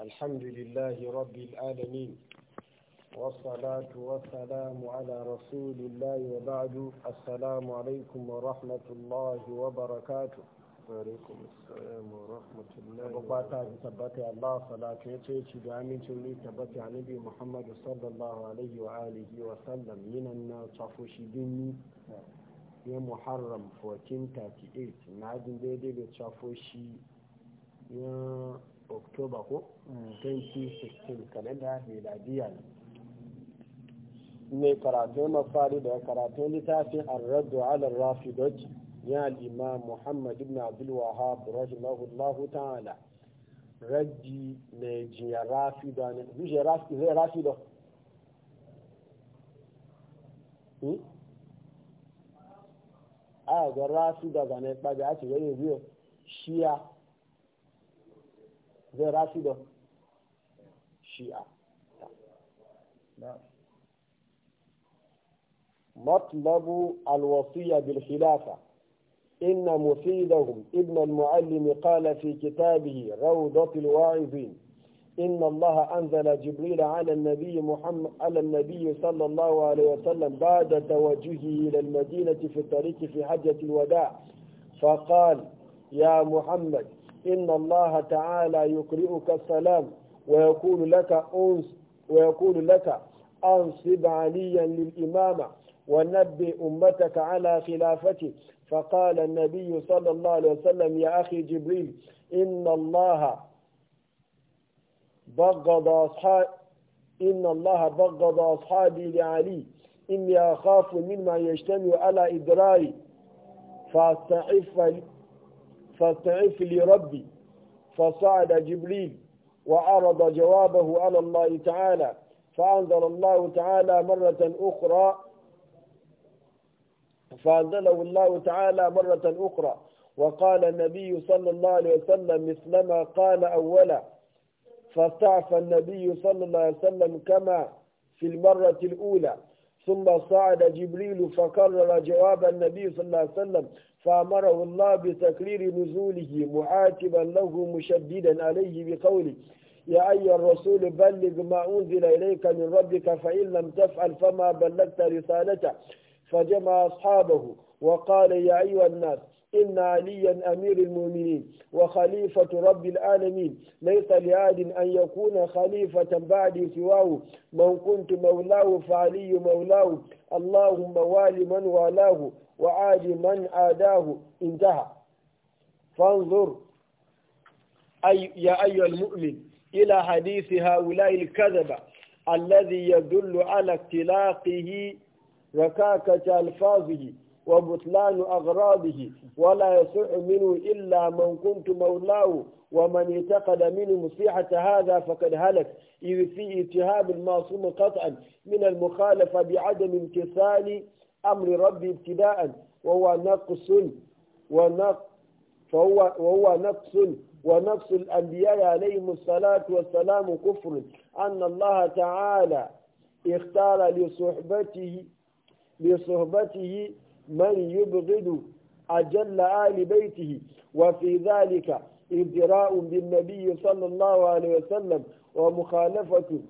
الحمد لله رب العالمين والصلاة والسلام على رسول الله وبعد السلام عليكم ورحمة الله وبركاته وعليكم السلام ورحمة الله وبركاته ثبت الله صلاة يتيتي بعمل تولي ثبت عن نبي محمد صلى الله عليه وآله وسلم من الناطفوش ديني ya muharram 1438 na adin daidai da tsafoshi ya oktoba ko 2016 mm. kalenda miladiya ne mai karatun mafari da karatun littafin arraddu ala rafidoci ya al'imam muhammad ibn abdul wahab rahimahullahu ta'ala raddi mai jiya da ne zuce rafida hmm? a ga rafida ga ne ɓaga ake gani biyu shiya zai rashi شيعة shi'a مطلب الوصية بالخلافة إن مفيدهم ابن المعلم قال في كتابه روضة الواعظين إن الله أنزل جبريل على النبي محمد على النبي صلى الله عليه وسلم بعد توجهه إلى المدينة في الطريق في حجة الوداع فقال يا محمد إن الله تعالى يقرئك السلام ويقول لك أنس ويقول لك أنصب عليا للإمامة ونبئ أمتك على خلافته فقال النبي صلى الله عليه وسلم يا أخي جبريل إن الله بغض أصحاب إن الله بغض أصحابي لعلي إني أخاف مما يجتمع على إدراري فاستعف فاستعف لي ربي فصعد جبريل وعرض جوابه على الله تعالى فأنزل الله تعالى مرة أخرى فأنزله الله تعالى مرة أخرى وقال النبي صلى الله عليه وسلم مثلما قال أولا فاستعفى النبي صلى الله عليه وسلم كما في المرة الأولى ثم صعد جبريل فكرر جواب النبي صلى الله عليه وسلم فأمره الله بتكرير نزوله معاتبا له مشددا عليه بقوله يا أيها الرسول بلغ ما أنزل إليك من ربك فإن لم تفعل فما بلغت رسالته فجمع أصحابه وقال يا أيها الناس إن عليا أمير المؤمنين وخليفة رب العالمين ليس لعاد أن يكون خليفة بعد سواه من كنت مولاه فعلي مولاه اللهم وال من والاه وعاد من عاداه انتهى فانظر أي يا أيها المؤمن إلى حديث هؤلاء الكذبة الذي يدل على اختلاقه ركاكة ألفاظه وبطلان أغراضه ولا يصح منه إلا من كنت مولاه ومن اعتقد منه مصيحة هذا فقد هلك إذ في اتهام المعصوم قطعا من المخالفة بعدم امتثال أمر ربي ابتداء وهو نقص ونقص فهو وهو نقص ونقص الأنبياء عليهم الصلاة والسلام كفر أن الله تعالى اختار لصحبته لصحبته من يبغض أجل آل بيته وفي ذلك ازدراء بالنبي صلى الله عليه وسلم ومخالفة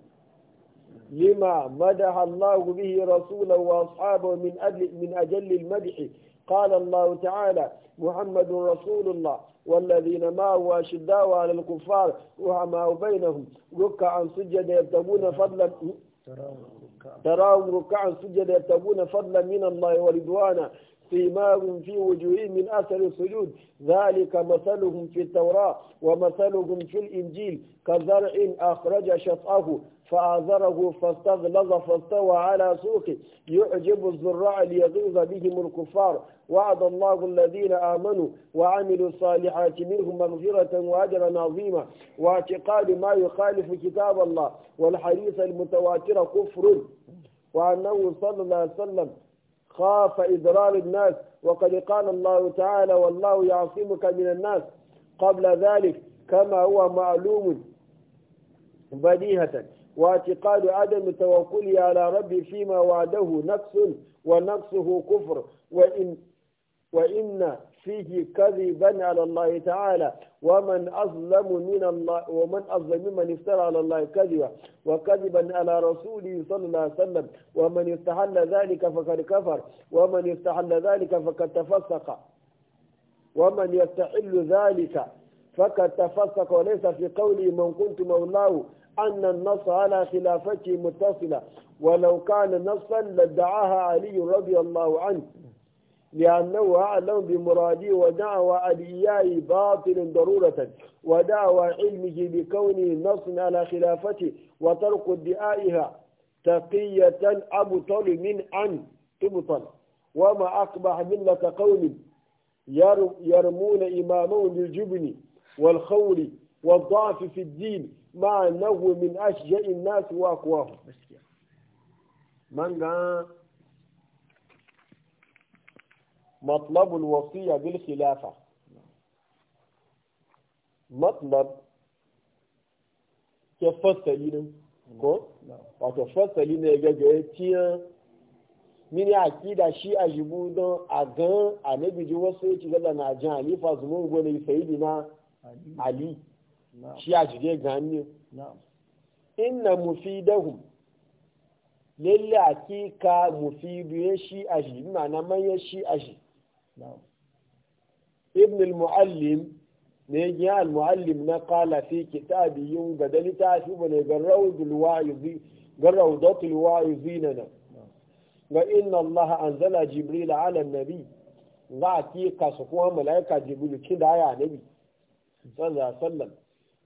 لما مدح الله به رسوله وأصحابه من أجل, من أجل المدح قال الله تعالى محمد رسول الله والذين هو أشداء على الكفار وما بينهم ركعا سجدا يبتغون فضلا تراهم ركعا سجدا يرتبون فضلا من الله ورضوانا سيماهم في وجوههم من اثر السجود ذلك مثلهم في التوراه ومثلهم في الانجيل كزرع اخرج شطاه فآذره فاستغلظ فاستوى على سوقه يعجب الزراع ليغيظ بهم الكفار وعد الله الذين آمنوا وعملوا الصالحات منهم مغفرة وأجرا عظيما واعتقاد ما يخالف كتاب الله والحديث المتواتر كفر وأنه صلى الله عليه وسلم خاف إضرار الناس وقد قال الله تعالى والله يعصمك من الناس قبل ذلك كما هو معلوم بديهة واعتقاد عدم توكله على ربي فيما وعده نقص ونقصه كفر وإن وإن فيه كذبا على الله تعالى ومن أظلم من الله ومن أظلم ممن افترى على الله كذبا وكذبا على رسوله صلى الله عليه وسلم ومن استحل ذلك فقد كفر ومن استحل ذلك فقد تفسق ومن يستحل ذلك فقد تفسق وليس في قوله من كنت مولاه أن النص على خلافته متصلة ولو كان نصا لادعاها علي رضي الله عنه لأنه أعلم بمراده ودعوى علياه باطل ضرورة ودعوى علمه بكونه نص على خلافته وترك ادعائها تقية أبطل من أن تبطل وما أقبح ملة قوم يرمون إمامهم بالجبن والخول والضعف في الدين ma nahu min ashja'in nas wa kuwa man ga matlab alwasiya bil khilafa matlab ke fasali ne ko wato fasali ne ga ga mini akida shi a jibu don a gan a nabi ji wasu ya ci gada na jan alifa zumun gwani sayidina ali shi a jide gani inna mufidahum lalle hakika mufidu ya shi a shi ma'ana manyan shi a shi ibn al-muallim ne ya al-muallim na kala fi kitabi yun ga da littafi bane garrawa rawdul wa'idi ga rawdatul wa'idina na ga inna allah anzala jibril ala an za a hakika su kuma malaika jibril kin da aya nabi sallallahu alaihi wasallam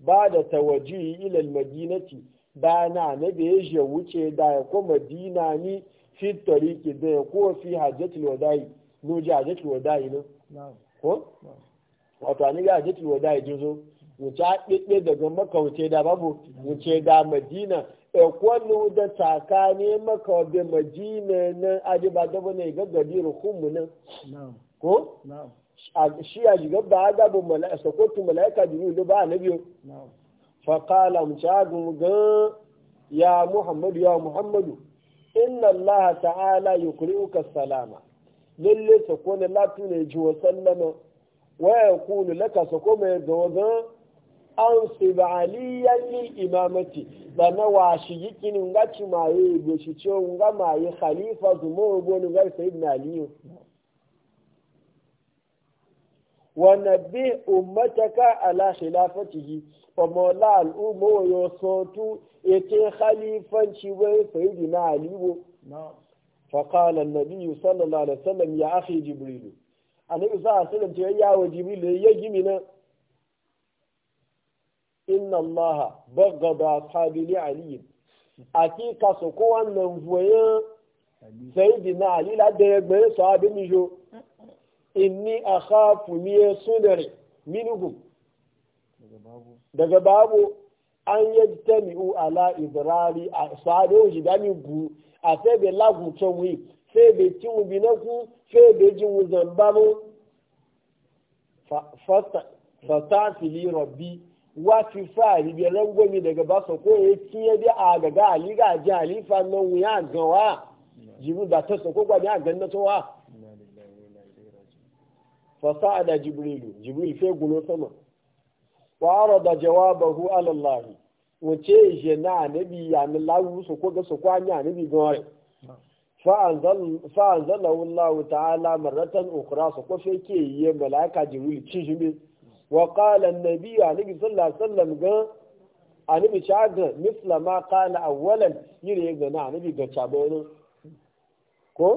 ba da tawaji ilal madinati ba na na da ya wuce da ya ko madina ni fi tariki da ya ko fi hajjatul wada'i ji hajjatul wada'i no ko wato ani ga hajjatul wada'i jin zo ta ɗiɗɗe daga maka wuce da babu wuce da madina e kwallo da tsakani maka da madina nan aji ba da bane ga gadirun kummu nan ko shi a shiga ba a bu mala'ika sakotu mala'ika jibril da ba annabi fa qala mutagun gan ya muhammadu ya muhammadu inna allaha ta'ala uka salama lalle sako ne latu ne ji wa sallama waya kulu laka sako mai ga an su ba aliyan li imamati da na washi yikini ngaci maye go shi ce nga maye khalifa zumo go ni ga sayyidina aliyu wana be ummataka ala khilafatihi wa mawla al umma wa yusatu yake khalifanci wai sayyidina ali wo fa qala an nabiy sallallahu alaihi wasallam ya akhi jibril annabi sallallahu alaihi wasallam ya wa jibril ya gimi na inna allaha baghada ashabi li Aki ka so ko nan voyan sayyidina ali la de gbe so abin jo mm inni akhafu mi sudari minhum daga babu an yajtami'u ala idrari a sado jidami gu a sai be lagu wi sai binaku sai be jiwu zambamu fatati li rabbi wa fari bi rangomi daga basa ko ya e tiye bi a gaga ali ji halifa nan wuya gawa jibu da ta sako gwani a ganna فصعد جبريل جبريل في غلو سما وعرض جوابه على الله وچه جنا نبي يعني الله سكو سوكو يعني نبي غوري فانزل فأنزله الله تعالى مرة أخرى سوكو في كي ملائكة جبريل تشي وقال النبي عليه صلى والسلام عليه وسلم قال النبي شاهد مثل ما قال أولا يري غنا نبي قال شابينه كو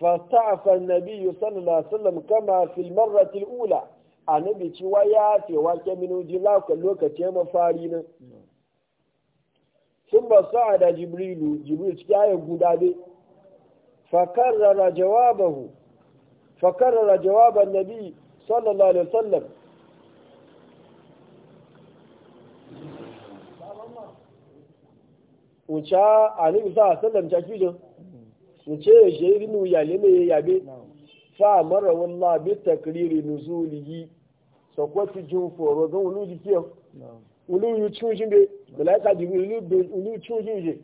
فاستعف النبي صلى الله عليه وسلم كما في المرة الأولى annabi ci wa ce wa ke minuji lakan lokaci mafari nan sun ba sa'a da jibrilu jibril ciki ya guda dai fakarrara jawabahu fakarrara jawaban nabi sallallahu alaihi wasallam wuce a nufi sa'a sallam cakijin ce ya shi irin wuyale ne ya yabe fa mara wallah bi takriri nuzulihi sakwati jin foro don wulu jikiya ulu yu cujin be malaika jibril wulu cujin je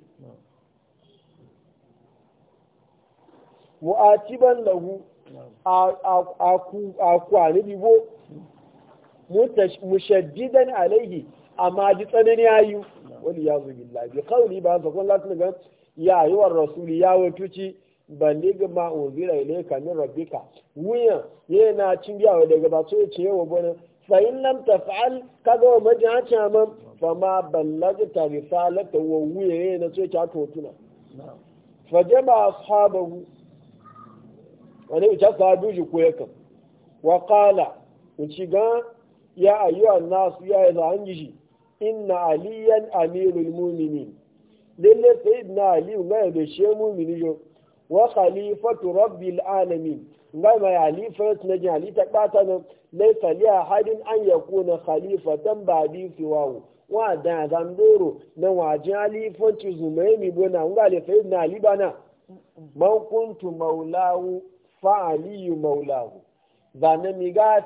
mu'atiban lahu a kwani bibo mushaddidan alaihi amma ji tsanani ayu wani ya zubi labi kawai ba ta kun latin gan ya yi wa rasuli ya wutuci ballig ma unzira ka min rabbika wuya yana cin wa daga ba so ce yawa bana fa in lam taf'al kaga wa majacha man fa ma ballagta risalata wa wuya yana so ta totuna fa jama ashabahu wani ita ta duji ko wa qala in ci ga ya ayyuhan nasu ya yi zan ji inna aliyan amirul mu'minin lele lalle na ali ngai da shi mini yo wa khalifatu rabbil alamin ngai mai halifat na jin ta bata nan laisa li hadin an yakuna bi fi wawo wa da zandoro na waje halifanci zumaimi bona le da na ali bana man kuntu maulahu fa aliyu maulahu zane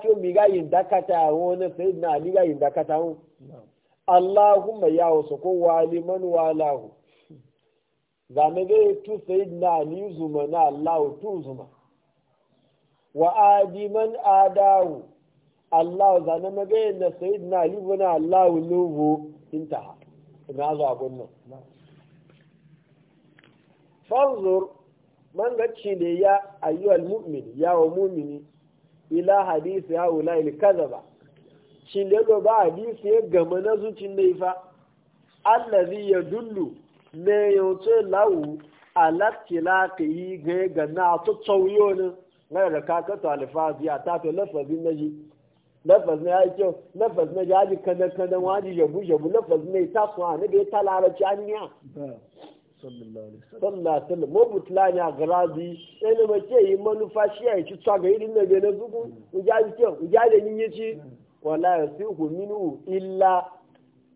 fi mi ga yin dakata wani na ali ga yin dakata Allahumma ya wasu ko wali man walahu zane zai tu sai na ni zuma na Allah tu zuma wa Adiman adawu Allah zane magai na sai na ni na Allah nuhu intaha ina zo a nan fanzur man ci ne ya ayyuhal mu'min ya wa mu'mini ila hadisi ya wula il kadaba shin da ba hadisi ya gama na zuci ne fa allazi yadullu ne yawancin lawu a latila ka yi gaya ga na ta tsauyo ne na da kaka to alfazi a ta to lafazin na ji lafazin ya yi kyau lafazin na ji haji kanan kanan wani yabu yabu lafazin ne ta suwa ne da ya ta larabci an yi sallallahu alaihi mo butla e e mm. ni agrazi ele mo ke yi manufa shi yi ci tsaga irin na bene zugu ujaji mm. kyau ujaji ni yi ci wala yasihu minhu illa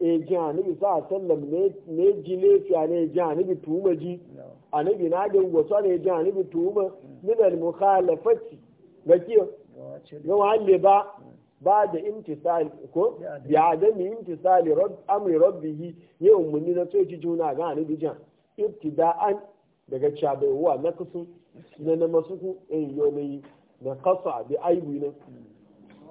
e janibi sa a sallam ne ji lafiya ne ji tuma ji ji anabi na da gwasa ne ji anabi tuhuma mm. min al mukhalafati ga kiyo ga walle ba mm. ba da imtisal ko ya adami imtisali rabb amri yi ya ummuni na soji juna ga anabi jan ibtida'an daga chabe wa na kusu na na masuku in yomi na kasa bi aibu ne mm.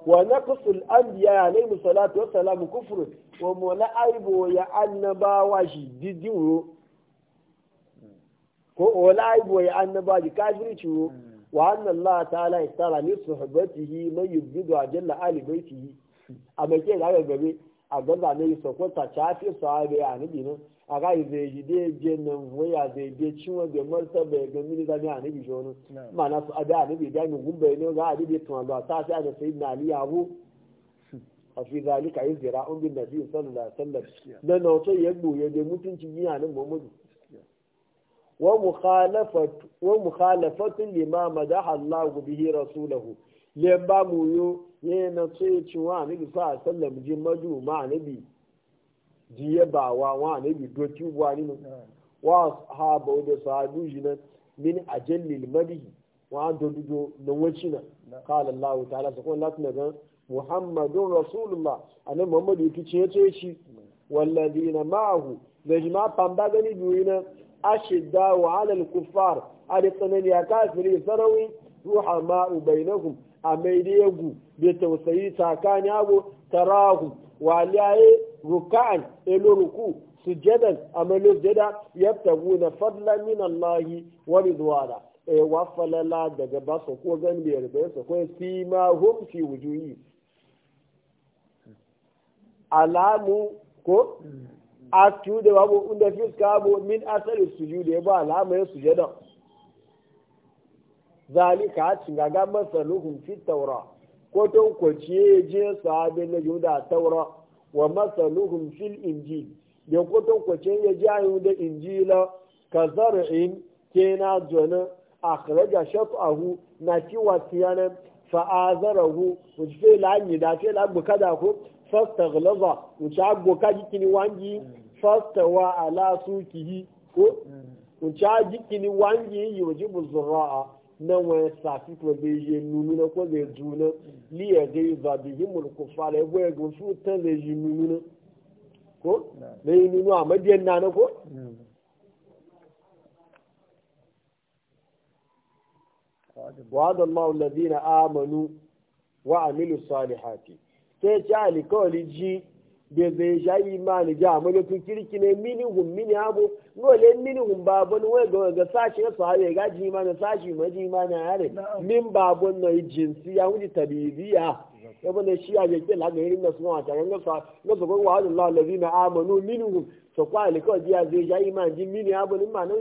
wa naqsul anbiya alayhi salatu wa salam kufrun wa mola aibo ya annabawa shi didin ro ko ola aibo ya annabawa shi kafirci ro wa annan Allah ta'ala ya tsara ni suhbatihi man yubdidu ajalla ali baitihi a mace da ga gabe a gaza ne so ko ta chafi sahabe a nabi nan a ga zai ji de je nan waya zai je ciwo da martaba ga mini da ni a nabi jono mana su ada nabi da ni gumbe ne ga adi de tuwa ta sai da sayyidina ali fi zalika yi zira un bin nabi sallallahu alaihi wasallam dan na wato ya goye da mutunci yana nan Muhammadu wa mukhalafatu wa mukhalafatu lima madaha Allah bihi rasulahu le ba mu yi ne na ce ci wa nabi sallallahu alaihi wasallam ji maju ma nabi ji ya ba wa wa nabi doki wa ni wa sahaba da sahabu jinan min ajallil madihi wa dodugo na wacina qala Allah ta'ala sakon latin da muhammadun rasulullah annabi muhammadu yake ce yace shi na ma'ahu da jima famba gani biyu na ashidda wa alal kuffar da tsanani a kafiri sarawi ruha ma'u bainakum a mai da yagu bai tausayi tsakani abu tarahu waliyaye ruka'an elo ruku sujadan a mai ya tabu na "fadlamin min allahi wa ridwana e falala daga ba su ko gan da yarda sako ko fi ma hum fi alamu ko atu da babu inda fiska bu min asali sujudu ya e ba alamu ya e sujada zalika a cin gaga masaluhun fi taura ko ton kwaciye je sahabi na yuda taura wa masaluhun fil injil da ko ton ya ji ayu da injila ka zar'in kena jona akhraja shafahu na kiwa tiyanan fa'azarahu wuce fe da fe bukada kada ko fasta galaza wuce agboka jikini wangi mm. fasta wa ala su sukihi ko wuce mm. jikini wangi yi waje a? na wani safi ko zai yi nunu na ko zai juna liya zai zabi yi mulku fara yabo ya gusu ta zai yi nunu na ko zai yi nunu a madiyan na na ko وعد الله الذين آمنوا وعملوا الصالحات sai ci alikawali ji da zai sha imani ji a magatun kirki ne minihun mini abu nole minihun babon wai ga ga sashi na sahabe ga ji imani sashi ma ji imani a yare min babon na jinsi ya wuce tabibiya yabone shi ya yake la ga irin nasu wa sa na su gon wa Allah amanu minhum so kwa ile ko zai ja iman ji mini abu ni ma nan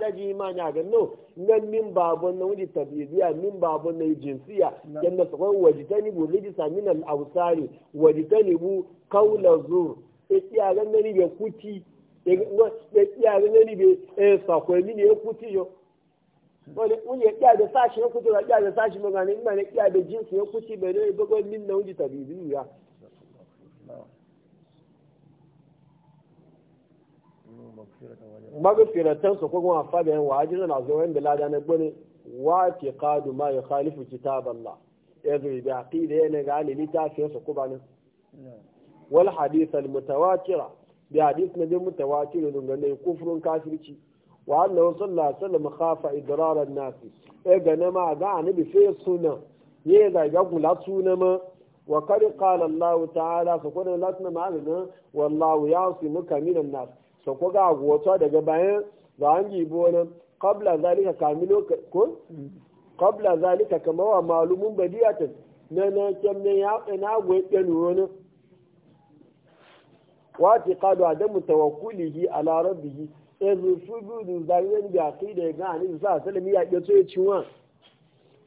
da ji iman ya ga no nan min babon nan wuri tabidiya min babon nan jinsiya dan nasu gon wajitani bu rijisa min al wajitani bu qawla zur ikiya ga ngani be kuti ya kiya ga ngani be e, mini e kuti yo wani wani ya da sashi ya kutu ya da sashi ma gani ina ya da jinsi ya kuci bai ne bagon min na wuji tabibi ya magfiratan su kuma afa da yan wajin na zo wanda lada na gbani wa ke kadu ma ya khalifu kitaballah yanzu da aqida yana ga ali litafin su kuma nan wal hadith al mutawatir bi hadith na bi mutawatir dun ga kufrun kafirci وأنه صلى الله عليه وسلم خاف إضرار الناس إذا ما دعا نبي في السنة يذا يقول لا سنة ما وقد قال الله تعالى فقلنا لا سنة معنا والله يعصمك من الناس فقلنا غوتو صادق باين زانجي جيبونا قبل ذلك كامل كون قبل ذلك كما هو معلوم بديعة نانا كم نياقنا ويتنونا واعتقاد عدم توكله على ربه ezu fudu du zariwe ni gaki da ga ani sa salami ya ke tsoye ciwa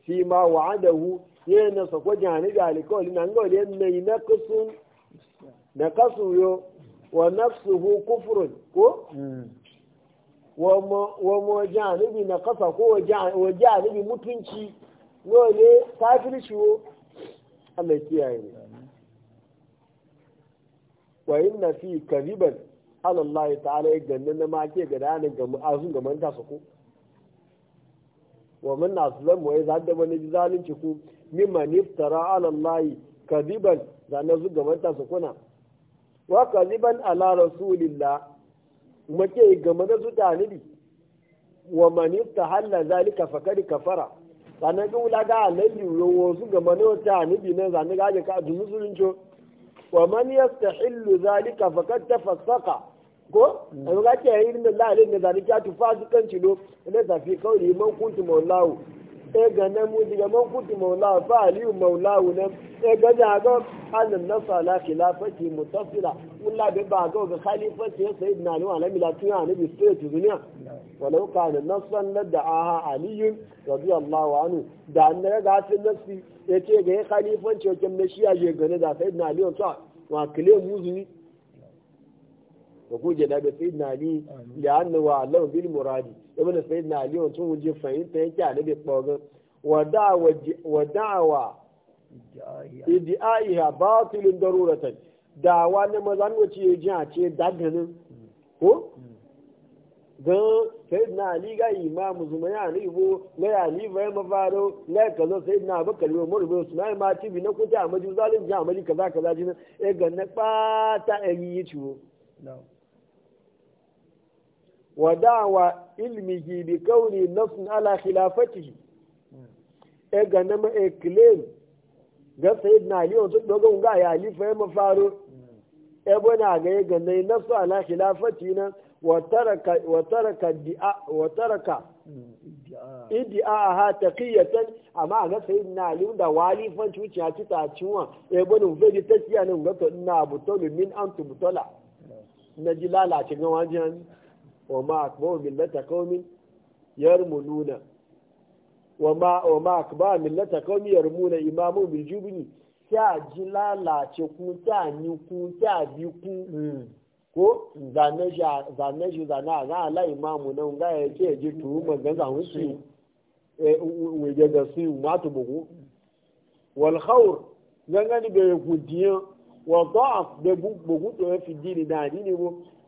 fi ma wa'adahu yana sa ko jani da alkawli nan ga wani nayi na kusun na kasu yo wa nafsuhu kufrun ko hmm. wa mo janibi na kasa ko wa janibi mutunci wale kafirci wo Allah kiyaye ne. wa inna fi kariban Allah ta'ala yi ganna na make ga dana ga azun ga manta su ku wa man zan wa idza da wani zalinci ku mimma niftara ala Allah kadiban da na zu ga manta su kuna wa kadiban ala rasulillah make ga manta su ta nabi wa man iftahalla zalika faqad kafara sannan ga wula ga annabi rowo su ga manta ta annabi nan sanan ga ka dusu sunjo wa man yastahillu zalika faqad tafassaqa ko a yi kake yi irin da lalin da zari kya tufa su kan cilo na zafi kawai man kuntu maulawu e ga nan mu diga man kuntu maulawu fa aliyu maulawu nan e ga da ga annan na sala khilafati mutasila ulla be ba ga ga khalifati sayyidina ali wa nabi latiya annabi sai duniya walau kana nasan la da'aha aliyu radiyallahu anhu da da ga sun nasi yace ga khalifanci ce na shi ya je gane da sayyidina ali wa ta wa kile muzuni wa kuje da sai na ali da an wa allah bil muradi ibn sayyidina ali on tun wuje fahimta yake a nabi kpogan wa da'wa wa da'wa idi'aiha batilun daruratan da'wa ne mazan wace ji a ce daganin ko don sayyidina ali ga imam zumai a ribo na ya ni bai mafaro na ka zo sayyidina abubakar yau murbe su na ma tibi na kuta a maju ji kaza kaza jinin e ga na ɓata ɗari yi ciwo ودعوى علمه بكون نص على خلافته ga na claim ga sayid na aliyu sun dogon ga ya halifa ya mafaro ebe na ga ya ganai na su ala khilafati na wa wataraka idi'a a ha taqiyatan amma a ga sayid na aliyu da walifan cuciya ci ta ciwon ebe na ufe ji ta ciya na ga to ina butolu min an tubutula na ji lalace ga wajen wa ma akbaru millata qaumin yarmununa wa ma wa ma akbaru millata qaumin yarmuna imamu bil jubni ji lalace ku ta ni ku ta hmm. ko zane shi zane a ga la imamu nan ga ya ce ji tu magana wusu eh wege da su ma to bugu wal gangani be ku wa da'af be bugu to fi dini da dini bo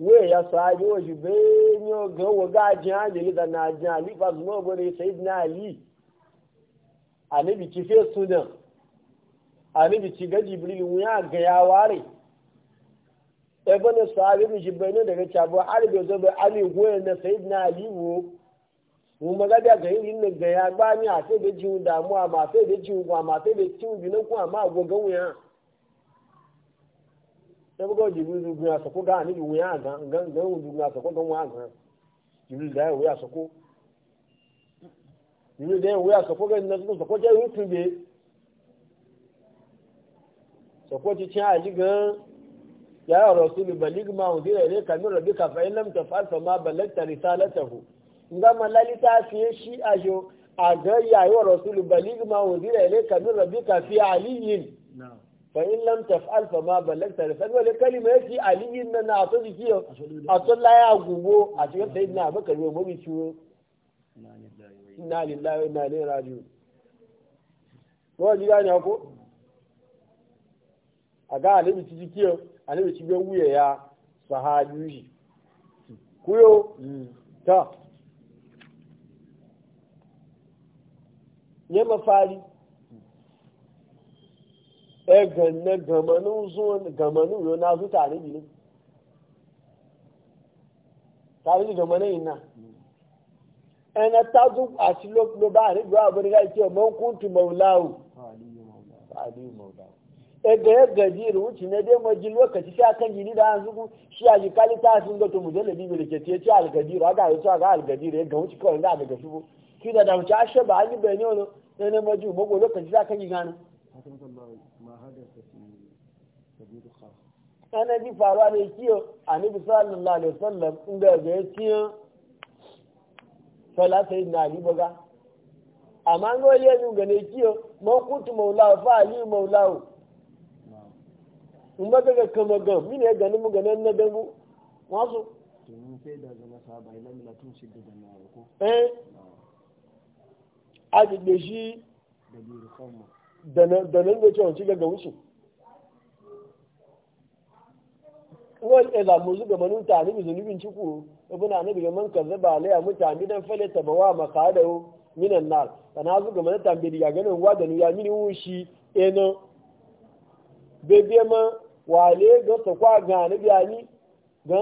wee ya sahabi wa shi benyo ga waga jin hajjali da na jin alifa su ma bane sai na ali anabi ci fe sunan anabi ci ga jibril wuya ga ya ware ebe na sahabi mu shi benyo daga cabo har da zo bai ali na sai na ali wo ga yin na ga ya ni a sai da jiwu damuwa ma sai da jiwu ma sai da jiwu bi kuma ma wuya sai ga jibril du gina sako ga ni wuya ga ga ga du gina sako ga wuya ga jibril da wuya sako jibril da wuya sako gan, na su sako je rutu be sako ji cin aji ga ya rasul balig ma udira ne kamir rabbika fa in lam tafal fa ma balagta risalatahu ngama lalita fiye shi ajo a ga yayi wa rasul balig ma udira ne kamir rabbika fi aliyin na'am fa'in lam taf'al fa ma ballagta da sanwa da kalima yake aliyin nan na ato jiki a tsolla ya gugu a cikin sai na baka ne mu bici inna lillahi wa inna ilaihi raji'un ko ji gane ko a ga alibi ci jiki alibi ci wuya ya sahajuji kuyo ta ne mafari e ganna gamanu zuwan gamanu yo na zu tare bi ne tare bi gamanu ina ana ta zu a ci lok lo ba ri ba bari ga ce man kuntu maulahu ali maulahu e ga ya gaji lokaci sai kan gini da an zugu shi a jikali ta sun ga to mujallabi bi da ke ce algadiru aga yi ga algadiru ya ga kawai ga wuce lokaci sai ana ji faruwa ne kiyo annabi sallallahu alaihi wasallam inda ga ya kiyo salata yin na riba ga amma an gole yanzu ga ne kiyo man kutu maulawu fa ali maulawu in ba ga kama ga mine ya gani mu ganin na dabu masu. eh a jide shi da nan da cewa ci gaga wuce wani ɗaya zamu zuga manu ta bi zunubin ciku ibina ni bi man kaza ba laya mutane dan fale ta bawa maka da minan nar kana zuga manu ta bi diga ganin wa da ya mini wushi eno bebe ma wale ga ta kwa ga ni ani ga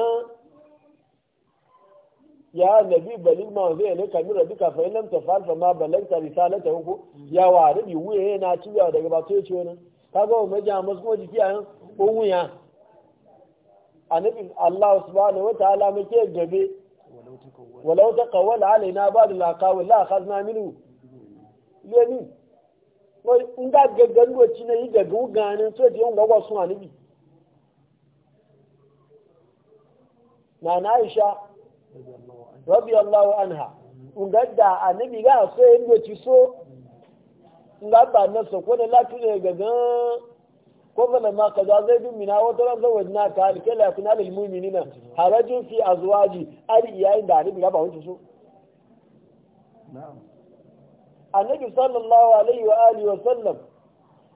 ya nabi balin ma zai ne kamar da duka fa lam ta falfa ma balagta risalata ko ya da rabi wuya yana ciwa daga ba sai ciwo nan kaga wa maja masu ko jiki an ko wuya annabi Allah subhanahu wa ta'ala muke gabe walau taqawwala alaina ba'd al-aqawl la akhadna minhu lemi wai in ga gaggan goci na yi gaggan ganin so da yawan gwagwa sun annabi na na Aisha rabi allahu anha nga da anabi ga so yin doci so nga ba na so ko da latu ne ga gan ko bala ma kaza zai bi mina wata ran zan wajina ta alke la kuna lil mu'minina harajun fi azwaji ari yayin da anabi ga ba wancan so annabi sallallahu alaihi wa alihi wa sallam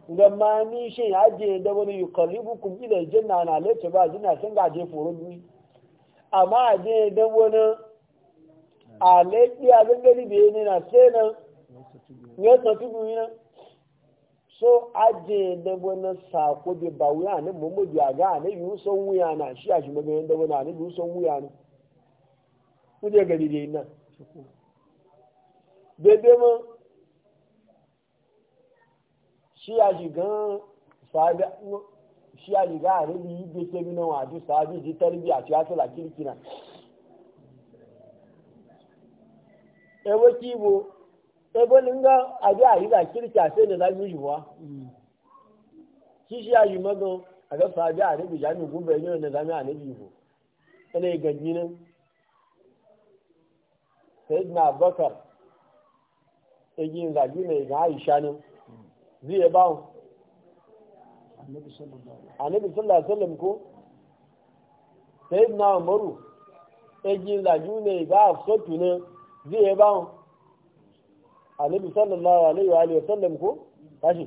ga mani shin haje da wani yuqallibukum ila aljanna na lati ba jina san ga je foro duniya amma a je don wani a lafiya gangari da yi na sai nan yadda tudu yi nan so a je don wani sako da ba wuya ne mummu ya ga ne yi son wuya na shi a shi magayin da wani ne yi son wuya ne kuje gari da yi nan shi a riga a rabi yi da ke nuna wadu sabi ji tarbi e e a ciya tula kirkina ebo kibo ebo ninga abi a riga kirka sai da zami yiwa shi shi a yi magan a ga sabi a rabi jami gube yau da zami a rabi yiwu ana e yi gaji nan sai na bakar egin zagi mai ga aisha nan zai ba annabi sallallahu alaihi wasallam ko sai na umaru ejin laju ne ga afsotu ne zai ba annabi sallallahu alaihi wa alihi wasallam ko tashi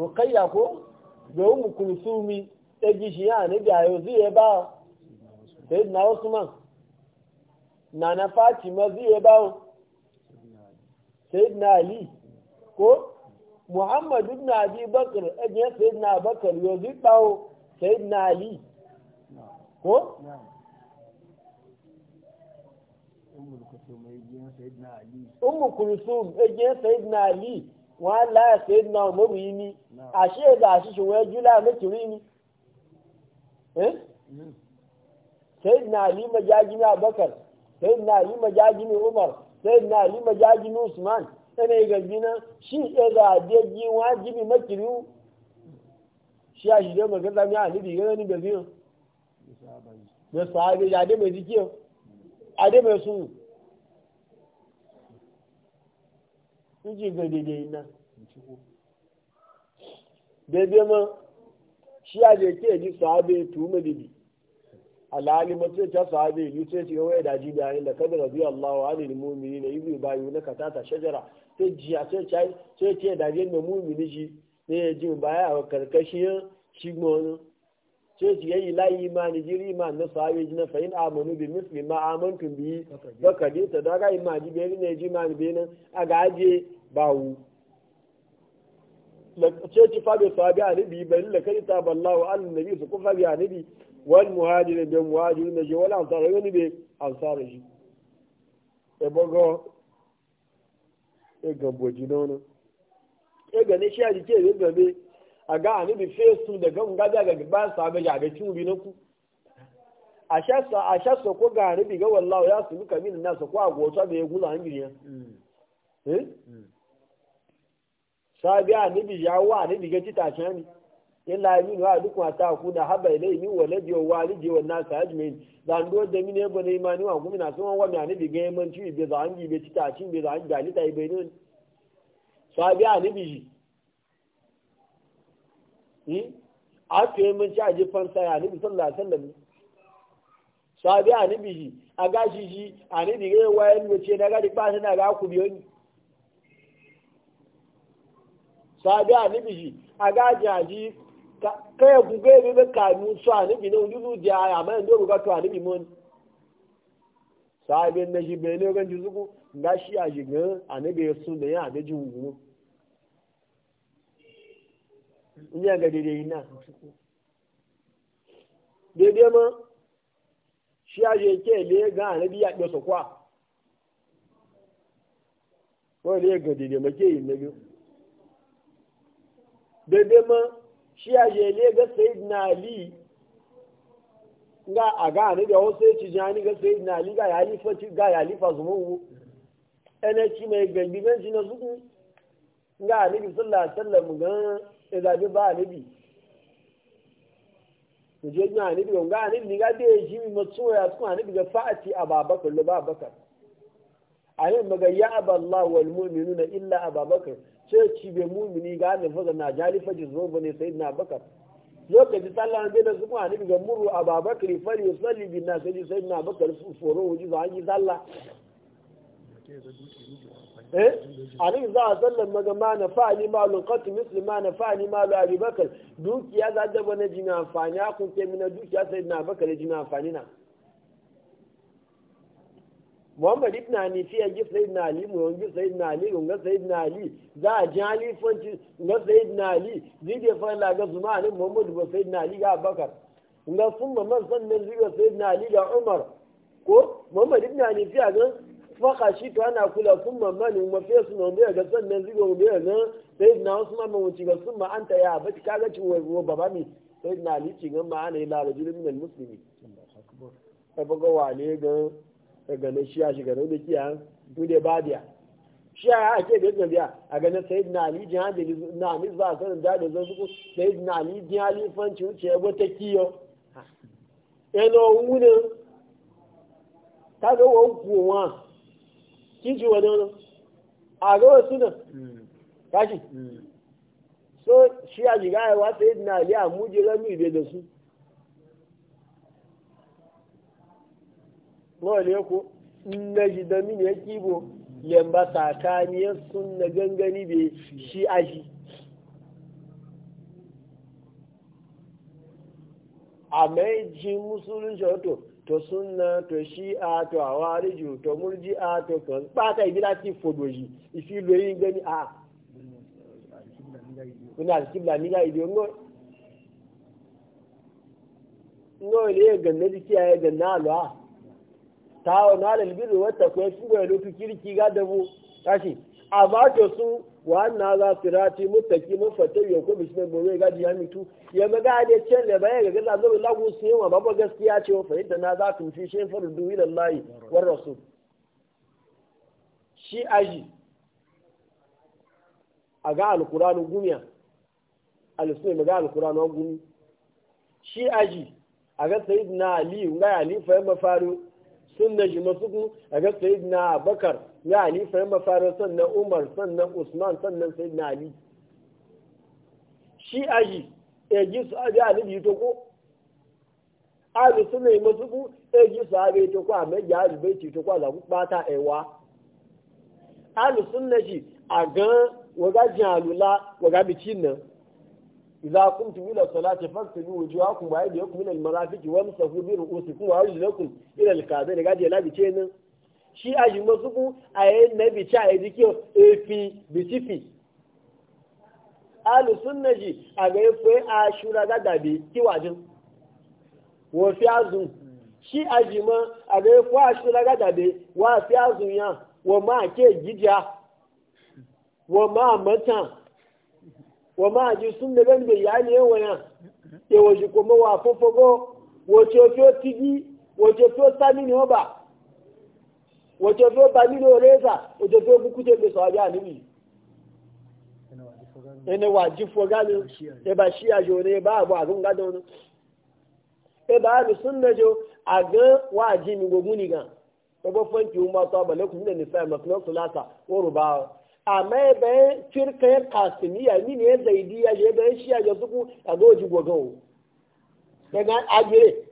ruqayya ko da umu kulsumi eji shi ya annabi ayo zai ba sai na usman nana fatima zai ba na ali ko muhammadu na abi bakr ajiyar sayyidina bakar yanzu ɗau sayyidina ali ko? umu kulsum ajiyar sayyidina ali wọn láyà sayyidina umaru yi ni ga àṣẹ ìgbà àṣìṣe wọn júlá mẹ́kìrí ni sayyidina ali majajini abakar sayyidina ali majajini umar sayyidina ali majajini usman ɗane ga gina shi ɗaya ga adegi wajibi makiru shi a shige mai gaza mai alibi ga gani ga biyan da sahabi ya ade mai A ade mai sunu kuji ga daidai na daidai ma shi a je ke ji sahabi tuma dibi alhali mutum ta sahabi yi sai shi ga waya daji bayan da kada rabi Allah wa alil mu'minina yubi bayu na katata shajara sai jiya sai cai sai ce da ga mai mumini shi ne ya ji ba a karkashin shi gona sai ci yayi layi ma imani jiri iman na sahabi ji na fa'in amanu bi misli ma amantum bi baka ji ta daga ji bi ne ji ma imani bi nan a ga gaje bawu sai ci a ni bi bari la kai ta ballahu an nabi su kufa bi anabi wal muhajirin bi muhajirin ji wal ansar wani bi ansar ji e bogo ega boji nono ega ne shi a ebe gabe a ga ani bi fesu da ga ga ga ga ba sa ba bi na ku a sha ga ni bi ga wallahi ya su muka min na so ko hmm. hmm. hmm. a gota da ya gula hangiri ya eh sabi bi ya wa ani bi ga tita shani Illa min wa duk wa ta ku da haba ilai min waladi wa walidi wa nas ajmin dan do da min yabo ne imani wa gumina sun wa mi ani biga man ci be za angi be be za angi dali tai be ani a ci aje ya ni sallallahu alaihi wasallam ani shi ani wa ka buga ya ga kanu su a nabi na wujulu da ya amma ndị ruga to a nabi mun sahabin na shi bai ne gan shi ya sun ya a gaji hugu in na ma shi a ga a ya ke shi a jele ga sayyidina ali ga a ga ni da wasu ya ci jani ga sayyidina ali ga ya halifa ci ga ya halifa zumungu ene ci mai gangi gan ci na zuku ga alibi sallallahu alaihi wasallam ga izabi ba alibi mu je ga alibi ga alibi ni ga da ya ji mi ya su alibi ga fa'ati ababakar lo babakar alim maga ya aballahu wal na illa ababakar sai ci bai mumini ga annabi fasa na jali jalifa jizro bane na bakar lokaci sallah zai da su kuma annabi ga muru ababakar fal yusalli bin na sai sai na bakar su tsoro wuji za yi tsalla eh annabi za a sallan eh? maga ma na fa'ani ma luqat misli na fa'ani ma lu abubakar dukiya za a da na jina amfani akun ke mina dukiya na bakar jina amfani na muhammad ibn fi ya gi sayyidina ali mu yi sayyidina ali ga na ali za a ji halifanci ga na ali zide fara ga zuma ne muhammad ga na ali ga abakar ga sun ma man sannan zuwa na ali ga umar ko muhammad ibn fi ya ga faka shi to ana kula sun ma man ma fiye su nan ga sannan zuwa ga ga na usman mu ci ga sun ma an ta ya abati kaga ci wa baba mi na ali ci ga ma ana lalaji da minal al-muslimin ai wale ga ganin shi ya shiga da wani kiya dole ba biya shi ya ake da yadda biya a ganin sayid na ali jin da na amis ba a sanin da da zan suku sayid na ali jin halifanci wuce ya wata kiyo yana wunin ta ga wa kowa kiji wani wani a ga wasu nan kashi hmm. hmm. so shi ya shiga ya wa sayid na ali a muje rami bai da su nawa ne ko in na ji da mini ya kibo yamba tsakaniyar sun na gangani bai shi a shi a mai ji musulunci wato to sunna to shi'a to awariju to murji'a to kan ba ta ti fodoji ifi loyi gani a kuna da kibla ni ga ido ngo ngo ile ganna dikiya alwa tawo na lalbiru wata kuwa shi ga lutu kirki ga dabu kashi amma to su wa na za su rati mutaki mun fata yau ko bishi mai bore ga diya mitu ya maga da can da baya ga gaza zama lagu su yawa babu gaskiya ce wa fahimta na za ku fi shi faru duwi lallahi war rasul shi aji a ga alkuranu gumiya alisunai maga alkuranu gumi shi aji a ga sayid na ali ga ali fahimta faru sunna shi masu a ga na abakar ya ali sai mafarin sannan umar sannan usman sannan na ali shi aji eji su aji a ali to ko aji su yi masu ku e ji su abi to ko a mai ya bai bai to ko a zaku bata ewa aji sunna shi a ga waga alula waga bicin nan إذا قمتم إلى الصلاة فاغسلوا وجوهكم وأيديكم إلى المرافق وامسحوا برؤوسكم وأرجلكم إلى الكعبين قاعد يلعب تشين شي أجي مصبو أي نبي تشاي ديكيو إفي بتفي أهل السنة جي أغير فوي أشورا غدابي كي واجن وفي أزم شي أجي ما أغير فوي أشورا غدابي وفي أزم يا وما كي جيجا وما متان wa ma ji sun da gan da yali yan waya e wa ji kuma wa fofogo go, ti o ti tigi wo ti o sami ni o ba wo ti o ti o ba ni lo reza wo ti o ti o buku so aja ni ene wa ji foga ni e ba shi ajo ne e ba abu agun ga don e ba ni sun da jo agan wa ji ni go ga, ko e gogun ni gan gbogbo fọ́nkì ọmọ ọtọ abẹ̀lẹ́kùn nílẹ̀ nífẹ̀ẹ́ mọ̀kìlọ́sọ̀lá wa ruba. amma bayan firka ya mini ya zaidi ya je bayan shi ya ga zuku a ga wajen gwagawo daga agire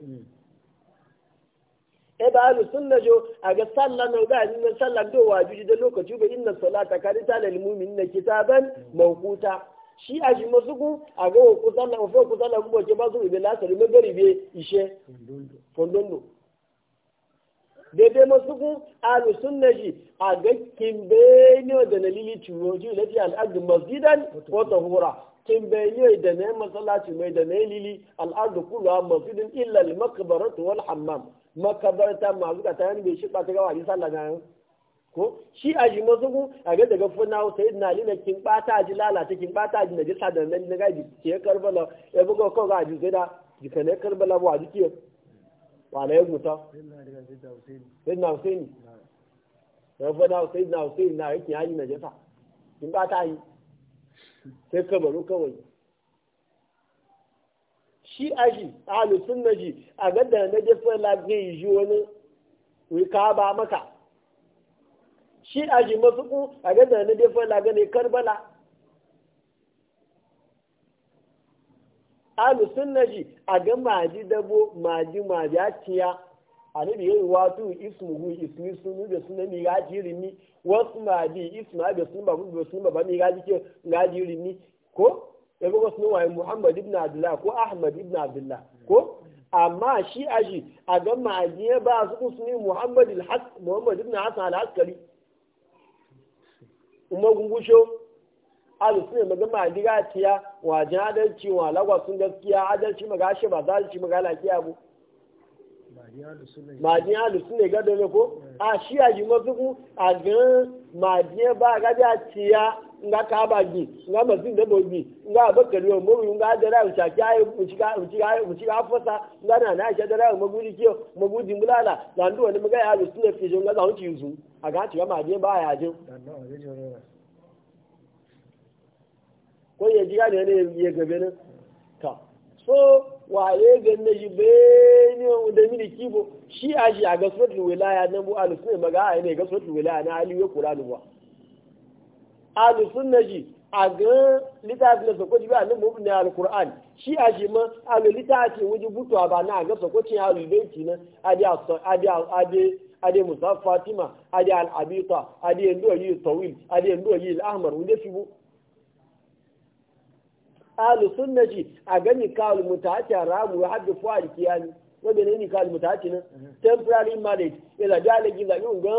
e ba alu na jo a ga sallah na ga ni na sallah do wajibi da lokaci ba inna salata karita lil mu'minina kitaban mawquta shi a ji mazugu a ga ku sallah ku sallah ku ba ke ba su ibe la sari magaribe ishe fondondo daidai masu kun ahlu sunna shi a ga kimbe da na lili ciwo ji lati al'adu masjidan ko tahura kimbe ne da na yi masallaci mai da na lili al'adu kullu masjidin illa al maqbaratu wal hammam makabarta ma zuka ta bai shi ba ta gawa ji sallah nan ko shi a ji masu ku a ga daga funa sai na lina kin ɓata ji lalata kin ɓata ji na ji sadan nan na gaji ke karbala ya e buga ko ga ji sai da jikane karbala wa ji ke wane ya guta sai na husaini ya fada na yake hanyar na jasa in ba yi sai kamaru kawai shi a shi ahalu ji a gadda na jasa lafiya ji wani wika ba maka shi a masu ku a na ne karbala alu sunna ji a ga maji dabo maji maji a ciya a nabi yayi watu ismuhu ismi sunu da sunan mi ga jiri ni wasu maji isma da sun ba ba sun ba mi ga jike ga ni ko ya ga wasu wai muhammad ibn abdullah ko ahmad ibn abdullah ko amma shi aji a ga maji ba su usmi muhammad muhammad ibn hasan al-askari umma gungusho azu sun yi magama a diga tiya wajen adalci wa lagwa sun gaskiya adalci maga shi ba za ci maga lafiya bu majin alu sun ne gado ne ko a shi a ji mazuku a gan majin ba ga da tiya nga ka ba gi nga mazin da bogi nga bakari wa mu nga da ra ucha kai ucha ucha ucha fosa nga na na sha dara ra mu guji kiyo mu guji mulala dan do ne maga alu sun ne fi jo nga za mu ci yuzu a ga ci ga majin ba ya je ko ya ji gane ne ya gabe nan ta so waye gan na ji bene da mini kibo shi a shi a gaswatul wilaya nan bu alu sunna maga ayi ne gaswatul wilaya na ali ya qur'anu wa alu sunna ji a ga litafin na sokoti ba nan mubin al qur'an shi a shi ma alu litafi wuji butuwa ba na ga sokoci alu baiti nan adi adi adi ade musa fatima ade al abita ade ndo yi tawil ade ndo yi al ahmar wunde fibo ahlu sunnati a ga nikahul mutaati haramu wa haddu fuwa kiyani wanda ne nikahul mutaati na mhm. temporary marriage ila ga le gila yun ga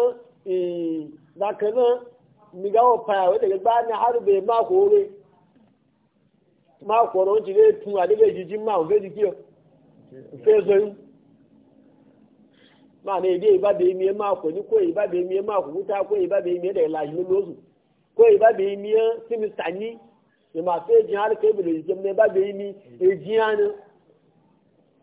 eh da kana mi ga o pa wa daga ba na, haru be ma ko re ma ko ro ji le tun ade be jijin ma o be ji kiyo fe zo yin ma ne ide ba be mi ma ko ni ko yi ba be mi ma ko ta ko yi ba be mi da ilahi ni lozu ko yi ba be mi simi sani ìmọ̀ àti èjì alùpùpù ìbìlì ìjẹun ní ẹbá bẹ̀rẹ̀ mi èjì àná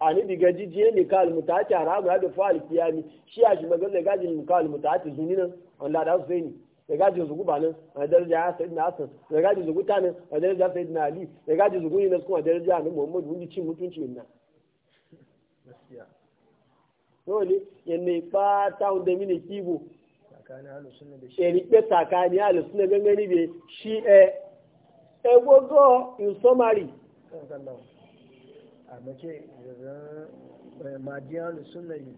àníbi gẹ̀ẹ́jì jẹ́ nìkan àlùmùtà àti àràmù láti fọ́ àlùpìyà mi ṣé àṣùmọ̀gbẹ́ lẹ́gájì nìkan àlùmùtà àti zun nínú ọ̀nà àdáwọ̀ sẹ́yìn lẹ́gájì òṣùkú bàánú ọ̀dẹ́rẹ́jà sẹ́yìn àsàn lẹ́gájì òṣùkú tánú ọ̀dẹ́rẹ́jà sẹ́yìn àlì lẹ́gájì òṣùkú yìí lẹ́sùkú ọ̀dẹ́rẹ́jà àmì mọ̀mọ́dù ń bí mutunci nà. lóòlì ẹni ipá táwọn dẹmí ní kíbo ẹni pẹ́ tàkà ní ɛ. egogo in summary a mace majiya da suna yi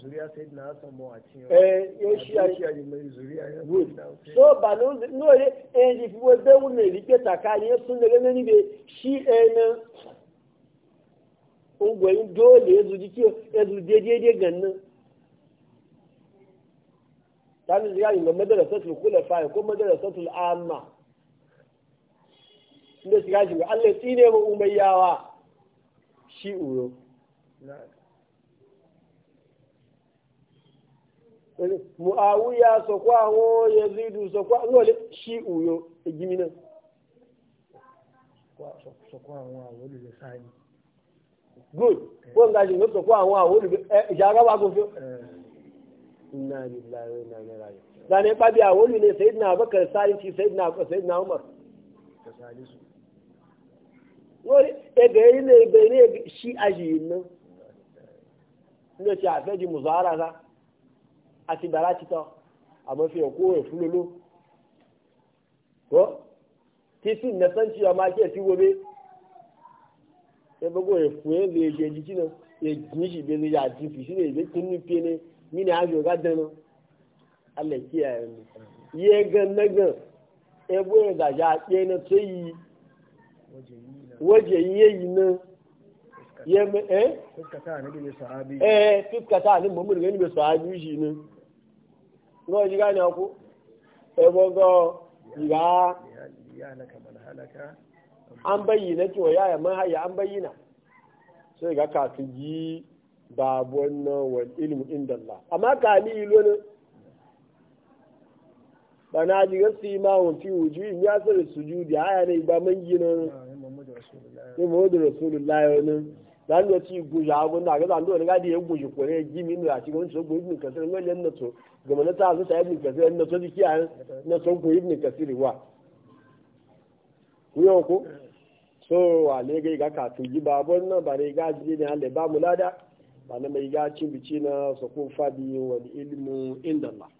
zuriya sai na mu a cikin eh yo shi a shi mai zuriya ya so ba no no eh ji fi wo be wo me da shi eh na ungwayin dole ya zuji ke ya zuje daidai gannan ta ni ko amma da shiga shiga Allah tsine ma umayyawa shi uro muawiya sokwa ho yazidu sokwa ngole shi uyo egimina sokwa ho awolu le sani good eh. ko ngaji no sokwa ho awolu eh, jaga ba ko fio eh. inna lillahi wa inna ilaihi babi awolu ne sayyidina abakar sani ci sayyidina umar wọ́n ẹgbẹ́ ilé ẹgbẹ́ ilé ṣí na ná ní ọ̀sẹ̀ àfẹ́jì mùsùlùmí ara àti bàrà títọ́ àmọ́ fi hàn kó rẹ̀ fún lolo kọ́ tí sí nẹ́sẹ̀ntì ọmọ ajé ti wo ẹgbẹ́gbọ́ rẹ̀ fún ẹ̀ lè jẹ́ jíjí náà èjì ní ìbí lè yàtí fìsí lè lè tún ní pé ní mí ni àjò ọ̀gá dẹnu alẹ́ kí ẹ̀ yẹ gan náà gan ẹgbẹ́ ìdàjà pé ní tó yìí. waje yi yayi eh fuskata ne bai sahabi eh fuskata ne mu sahabi shi ne ji gane ku ya ya halaka an bayyana yaya ga ka yi ilmu inda amma ka ni ilo ne bana ji gasi ma wa fi ya sujudi ne ba ní mo dò rasulillah yọ ní lánàá tí gùnjù àwọn náà àgbẹ̀dà ni òní káàdì yẹn gùnjù kò ní jí mi nù àti oúnjẹ ogun ibùn kẹsì rẹ mẹ́lẹ̀ ẹ̀nà a sọ sáyẹ́ ibùn kẹsì rẹ ẹ̀nà tó ti kí àárín ẹ̀nà tó gùn ibùn kẹsì rẹ wà. so wàlẹ́ gẹ́ ìgá kàtó yìí bá abọ́ náà bàrẹ̀